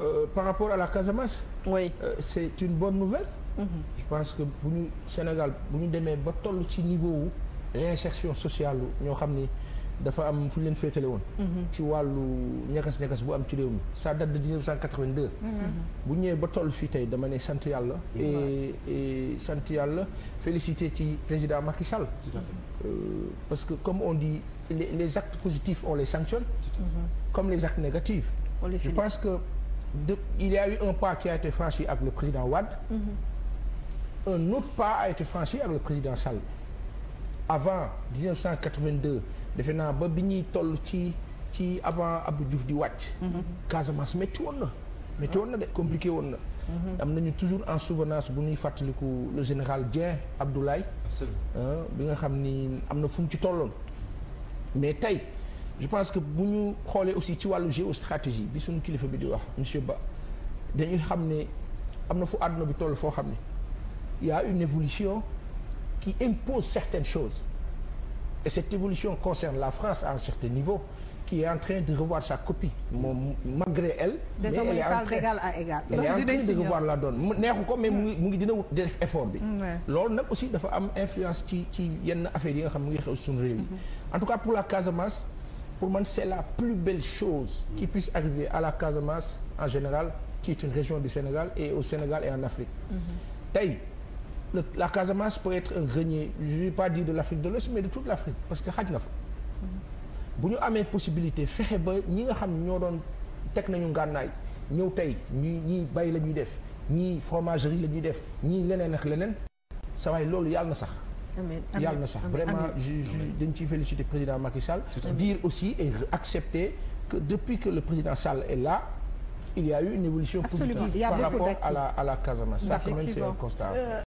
euh, par rapport a la Casamance. oui euh, c'est une bonne nouvelle. Mm -hmm. je pense que bu ñu Sénégal bu ñu demee ba toll ci niveau wu l'insertion sociale ñoo xam ni dafa am fu leen féetale woon. Mhm. ci wàllu ñagas ñagas bu am ci réew mi ça date de 1982. Mhm. bu ñu ba toll fii tey dama ne sant yàlla. et et sant yàlla félicité ci président Macky Sall. Euh, parce que comme on dit les les actes positifs on les sanctionne. Mhm. comme les actes négatifs. je pense que. de il y eu un pas qui a été franchi avec le président Wade. Mm -hmm. un autre pas a été franchi avec le président Sall. avant defe naa ba bi ñuy toll ci ci avant abu Diouf di wàcc. Mm-hmm. Casamance métti woon na. métti woon na de compliqué woon na. Mm-hmm. am nañu toujours en souvenance bu ñuy fàttaliku le général Dieng Abdoulaye. Ah, bi nga xam ni am na fu ci tolloon mais tey. je pense que bu ñu xoolee aussi ci wàllu géostratégie bi suñu kilifa bi di wax monsieur Ba dañuy xam ne am na fu àdduna bi toll foo xam ne y a une évolution qui impose certaines choses et cette évolution concerne la France à un certain niveau qui est en train de revoir sa copie moom malgré elle. mais elle est en train d'égal à égal. de revoir la donne neexu ko mais mu ngi mu ngi dina wut def effort bi. loolu nag aussi dafa am influence ci ci yenn affaires yi nga xam mu ngi mm-hmm. la Casamance. pour man c'est la plus belle chose qui mm. puisse arriver à la Casamance en général qui est une région du Sénégal et au Sénégal et en Afrique mm-hmm. tey le la Casamance peut être un grenier je ne vais pas dire de l'Afrique de l'Ouest mais de toute l'Afrique parce que xaj na fa mm-hmm. bu ñu amee possibilité fexe ba ñi nga xam ñoo doon teg nañu ngànnaay ñëw tey ñu ñii bay la ñuy def ñii fromagerie la ñuy def ñii leneen ak leneen sa waay loolu yàlla na sax yàlla na sax vraiment je je dañ ciy féliciter président Macky Sall dire aussi et accepter que depuis que le président Sall est là il y a eu une évolution positive par rapport à la à la Casamance ça quand même c'est